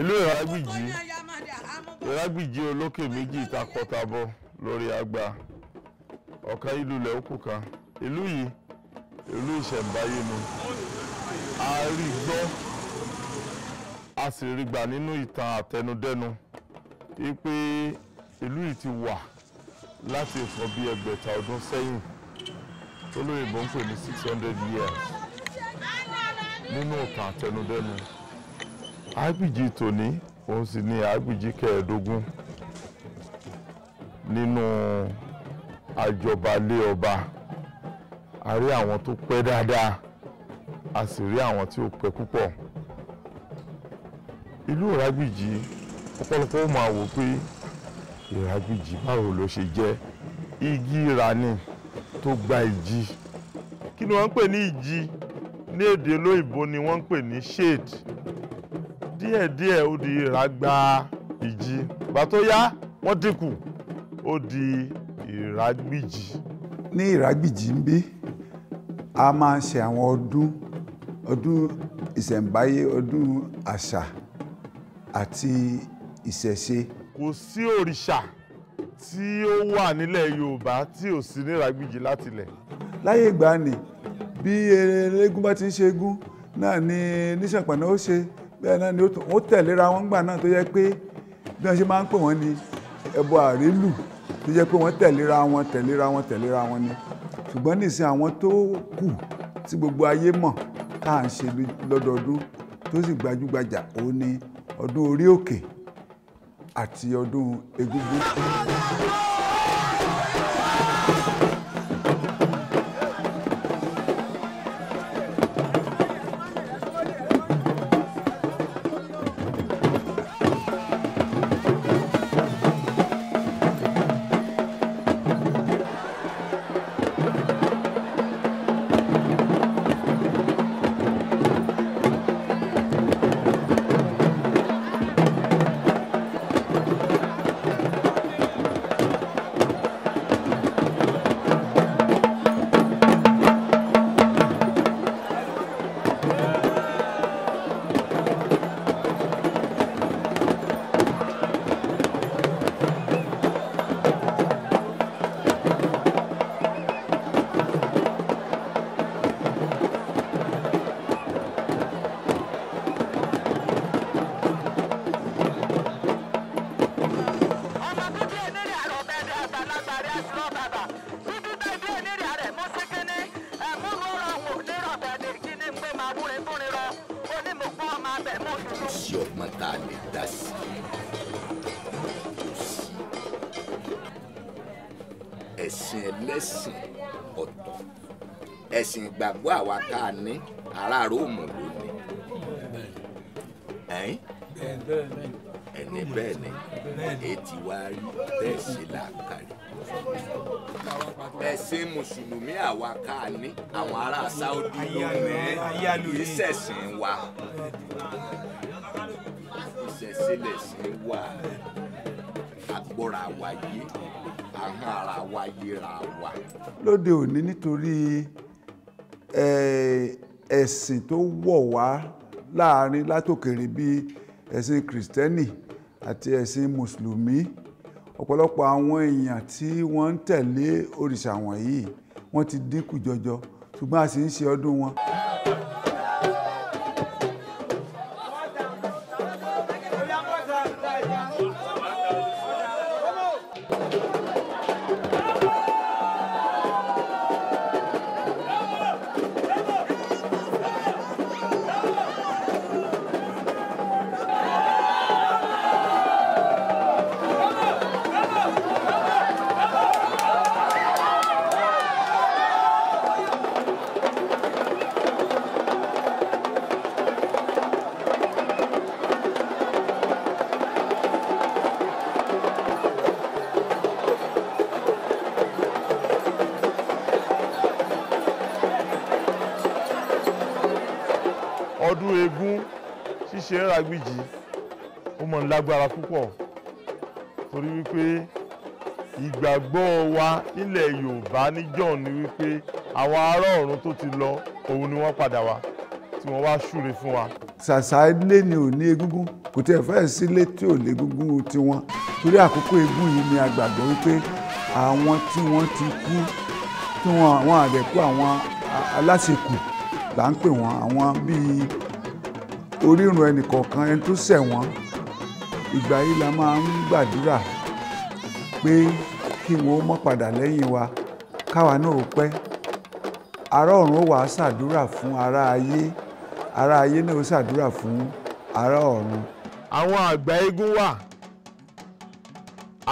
ìlú ìrágbìjì ìrágbìjì olókè méjì takọtabo lórí àgbà ọ̀ka ìlú ilẹ̀ òkùnká ìlú yìí ìlú ìṣẹ̀ǹbáyé ni a rí gbọ́ a sì rí gbà nínú ìtàn àtẹnudẹ́nu wípé ìlú yìí ti wà láti nǹkan bí ẹgbẹ̀ta ọdún sẹ́yìn tó lóyìnbó ń pè ní six hundred years nínú ìtàn àtẹnudẹ́nu ágbìjì tòní òun sì ni ágbìjì kẹẹ̀ẹ́dógún nínú àjọbalẹ̀ ọba a rí àwọn tó pẹ́ dáadáa a sì rí àwọn tí ó pẹ́ púpọ̀ ìlú ìrágbìjì ọ̀pọ̀lọpọ̀ ó máa wò pé ìrágbìjì báwo ló ṣe jẹ́ igi ìrànì tó gba ìjì kí ni wọ́n ń pè ní ìjì ní èdè olóyìnbó ni wọ́n ń pè ní shade díẹ̀díẹ̀ ó di ìrágbá ìjì ìgbà tó yá wọ́n dínkù ó di ìrágbìjì. ní ìrágbìjì ń bí a máa ń ṣe àwọn ọdún ọdún ìṣẹ̀ǹbáyé ọdún àṣà àti ìṣẹ̀ṣe. kò sí òrìṣà tí ó wà nílẹ̀ Yorùbá tí ò sí ní ìrágbìjì látilẹ̀. láyé ìgbà ni bí eléégún bá ti ń ṣe egún náà ni níṣàpàná ó ṣe bẹ́ẹ̀ náà ni ó tẹ̀léra wọn gbà náà tó yẹ pé bí wọ́n ṣe máa ń pè wọ́n ní ẹbọ àrélù tó yẹ pé wọ́n tẹ̀léra wọn tẹ̀léra wọn tẹ̀léra wọn ni ṣùgbọ́n nísìn àwọn tó kù tí gbogbo ayé mọ̀ tá à ń ṣe lọ́dọọdún tó sì gbajúgbajà òun ni ọdún orí òkè àti ọdún egúngún. ẹ̀sìn ẹlẹ́sìn ọ̀tọ̀ ẹ̀sìn ìgbàgbọ́ àwa tá a ní ará róòmù lónìí ẹ̀yìn ẹni bẹ́ẹ̀ ni ètí wa rí bẹ́ẹ̀ sí làákàrí ẹ̀sìn mùsùlùmí àwa ká ní àwọn ará sáúdí lónìí ìṣẹ̀sìn wa ìṣẹ̀sìn lẹ̀sìn wa gbọ́ra wa yé àhán ara wa yéra wa. lóde òní nítorí ẹ̀sìn tó wọ̀ wá láàrin látòkèrè bíi ẹ̀sìn kìrìsìtẹ́nì àti ẹ̀sìn mùsùlùmí ọ̀pọ̀lọpọ̀ àwọn èèyàn tí wọ́n ń tẹ̀lé òrìṣà wọ̀nyí wọ́n ti dínkù jọjọ ṣùgbọ́n a sì ń ṣe ọdún wọn. ṣe ń ra gbìjì ó mọ̀ ń lágbára púpọ̀ torí wípé ìgbàgbọ́ wa nílẹ̀ Yorùbá níjọ́ ni wípé àwọn ará ọ̀run tó ti lọ òun ni wọ́n padà wá tí wọ́n wá ṣúre fún wa. ṣàṣà ilé ni ò ní egúngún kò tẹ̀ fẹ́ sílé tí ò légúngún tiwọn torí àkókò eégún yìí ni a gbàgbọ́ wípé àwọn tí wọ́n ti kú tí wọ́n àwọn àdẹ̀kú àwọn aláṣekù là ń pè wọ́n àwọn bíi orírun ẹnìkọ̀ọ̀kan ẹni tó ṣẹ̀wọ̀n ìgbà yìí la máa ń gbàdúrà pé kí wọn ó mọ́ padà lẹ́yìn wa káwa náà ó pẹ́ ará ọ̀run ó wàá ṣàdúrà fún ará ayé ará ayé náà ó ṣàdúrà fún ará ọ̀run. àwọn àgbà eégún wà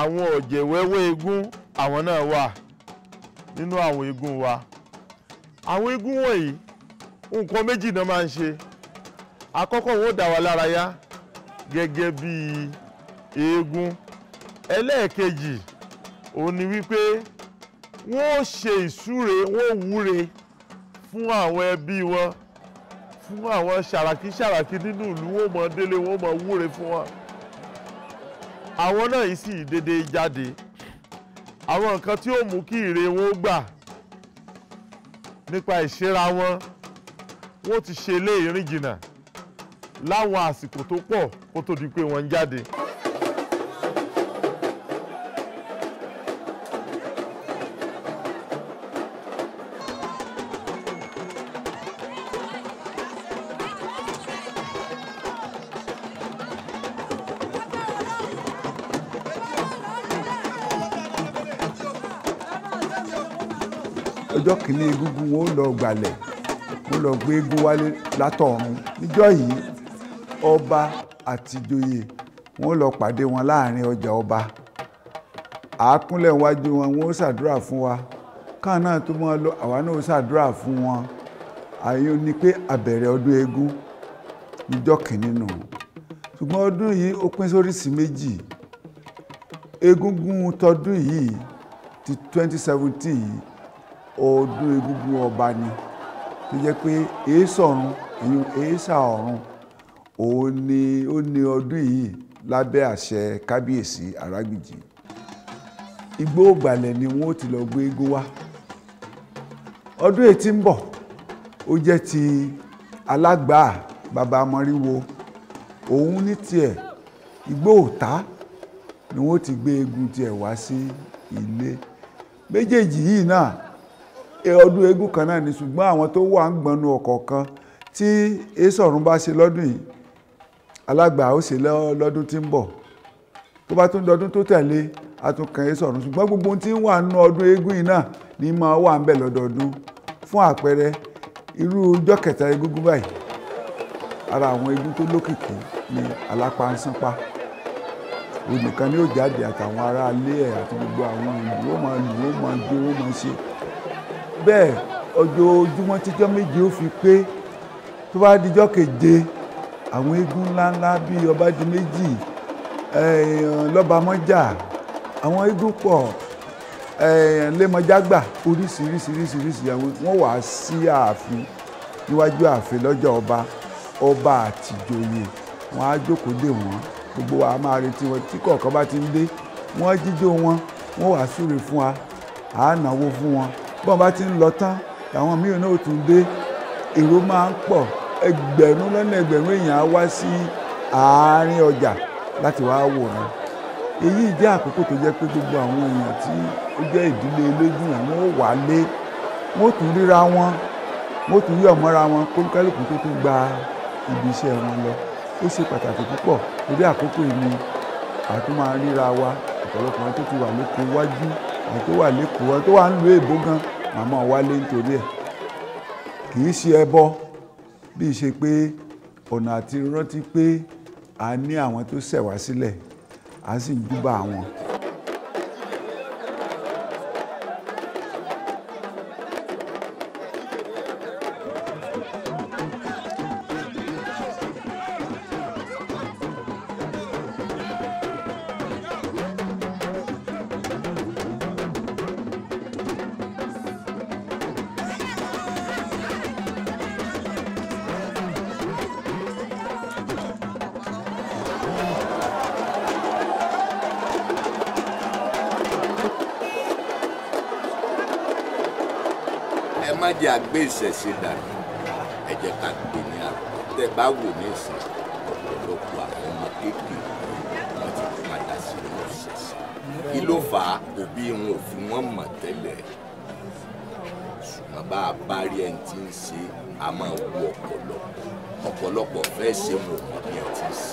àwọn òjèwéwé eégún àwọn náà wà nínú àwọn eégún wa àwọn eégún wọ̀nyí nǹkan méjì náà máa ń ṣe àkọ́kọ́ wọn ó dá wa lára yá gẹ́gẹ́ bí eégún ẹlẹ́ẹ̀kejì òun ni wípé wọ́n ó ṣe ìsúre wọ́n ó wúre fún àwọn ẹbí wọn fún àwọn ṣàràkí ṣàràkí nínú ìlú wọn mọ délé wọn mọ wúre fún wọn àwọn náà yìí sì dédé jáde àwọn nǹkan tí ó mú kí ire wọn gbà nípa ìṣera wọn wọ́n ti ṣe lé ìrìn jìnnà láwọn àsìkò tó pọ̀ kó tó di pé wọ́n ń jáde. ọjọ́ kìíní egúngún wọn ò lọ gbalẹ̀ wọn lọ gbé egún wálé látọ̀run níjọ́ yìí ọba àti ìjòyè wọ́n lọ pàdé wọn láàrin ọjà ọba àákúnlẹ̀ wájú wọn wọ́n ó ṣàdúrà fún wa káà náà tó mọ́ lọ àwa náà ó ṣàdúrà fún wọn àyùn ni pé àbẹ̀rẹ̀ ọdún eégún níjọ́ kìíní nù ṣùgbọ́n ọdún yìí ó pín sóríṣìí méjì egungun tọdún yìí ti 2017 yìí ọdún egungun ọba ni tó jẹ́ pé èésà ọ̀run èyí èésà ọ̀run òun ni ó ní ọdún yìí lábẹ́ àṣẹ kábíyèsí arágbìjì igbó ògbàlẹ̀ ni wọ́n ti lọ gbé igbó wá ọdún èyí tí ń bọ̀ ó jẹ́ ti alágbàá bàbá mọ́ríwo òun ní tiẹ̀ igbó òta ni wọ́n ti gbé eégún tiẹ̀ wá sí ilé méjèèjì yìí náà e, ọdún eégún kan náà ni ṣùgbọ́n àwọn tó wà ń gbọnú kan tí èsọ̀rún bá ṣe lọ́dún yìí alágbà ó ṣe lọ́dún tí ń bọ̀ tó bá tún dọdún tó tẹ̀lé àtúnkàn yìí sọ̀rọ̀ ṣùgbọ́n gbogbo ohun tí ń wà nínú ọdún eégún yìí náà ní máa wà ń bẹ̀ lọ́dọọdún fún àpẹẹrẹ irú ọjọ́ kẹta egúngún báyìí ara àwọn eégún tó lókìkí ni alápánsánpá òun nìkan ni ó jáde àtàwọn ará ilé ẹ̀ àti gbogbo àwọn ìlú ó máa lù ó máa jó ó máa ṣe bẹ́ẹ̀ ọjọ́ ojúmọ́ tíjọ́ méje ó fi pé tó bá dijọ́ keje àwọn eégún ńláńlá bíi ọbádìméjì lọ́bàmọ́jà àwọn eégún pọ̀ lẹ́mọ̀jágbà oríṣiríṣiríṣiríṣi wọ́n wá sí ààfin níwájú ààfin lọ́jọ́ ọba ọba àtìjòyè wọn á jókòó dè wọ́n gbogbo wa máa retí wọn tí kọ̀ọ̀kan bá ti ń dé wọ́n jíjó wọn wọ́n wá súre fún wa à á náwó fún wọn bọ́n bá ti ń lọ tán làwọn míì náà tún dé èrò máa ń pọ̀ ẹgbẹ̀rún lọ́nà ẹgbẹ̀rún èèyàn á wá sí àárín ọjà láti wá wòran èyí jẹ́ àkókò tó jẹ́ pé gbogbo àwọn èèyàn tí ó jẹ́ ìdílé eléégún yẹn wọ́n wà lé wọ́n tún ríra wọn wọ́n tún yọ̀ mọ́ra wọn kólúkálùkù tó tún gba ibi iṣẹ́ wọn lọ ó ṣe pàtàkì púpọ̀ torí àkókò ìní àtún máa ríra wa ọ̀pọ̀lọpọ̀ wọn tó ti wà lóko wájú àwọn tó wà lẹ́kọ̀ọ́ wọn tó wà ń lo èèbó gan màmá wálé nítorí ẹ̀ kì í ṣe ẹbọ bí ṣe pé ọ̀nà àti rántí pé a ní àwọn tó ṣẹ̀ sílẹ̀ a sì ń júbà àwọn. má jẹ́ àgbé ìṣẹ̀ṣe dànù ẹ jẹ́ ká gbé ní àpò tẹ́ bá wò ní ìsìn ọ̀pọ̀lọpọ̀ àwọn ọmọ kéékèèké wọ́n ti padà sí inú ìṣẹ̀ṣe kí ló fà á òbí wọn ò fi wọ́n mọ̀ tẹ́lẹ̀ ṣùgbọ́n bá a bá rí ẹni tí ń ṣe a máa wọ ọ̀pọ̀lọpọ̀ ọ̀pọ̀lọpọ̀ fẹ́ ṣe mọ̀ ní ẹni tí ń ṣe.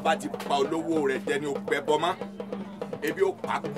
bá ti pa olówó rẹ̀ jẹ ni ò pẹ́ bọ́ mọ́ ebi ó pa kù.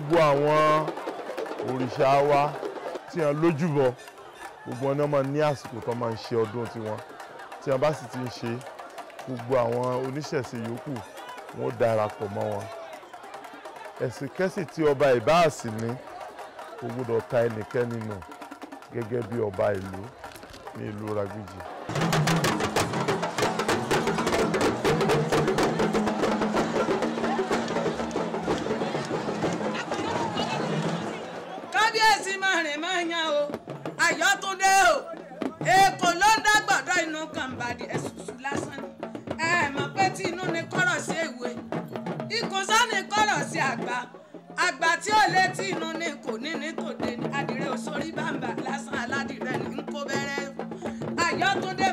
gbogbo àwọn òrìṣà wa tí wọn lójúbọ gbogbo wọn máa ní àsìkò tó máa ń ṣe ọdún tiwọn tí wọn bá sì ti ń ṣe gbogbo àwọn oníṣẹ̀ṣe yòókù wọn darapọ̀ mọ́ wọn ẹ̀sìn kẹ́sìn tí ọba ìbáàsì ní kò gbọdọ̀ ta ẹnikẹ́ni nù gẹ́gẹ́ bí ọba ìlú ní ìlú Ràgbìjì. ló dá gbọ̀dọ̀ inú kànbàdì ẹ̀sùsù lásán ni ẹ mọ̀ pé tí inú ni kọ́rọ̀ sí èwe ìkùnsọ́ ni kọ́rọ̀ sí àgbà àgbà tí ò lé tí inú ni kò ní ní tòde ni adìrẹ òsórí bàǹbà lásán aládìrẹ ni ń kó bẹ́rẹ́ ayọ́túndé.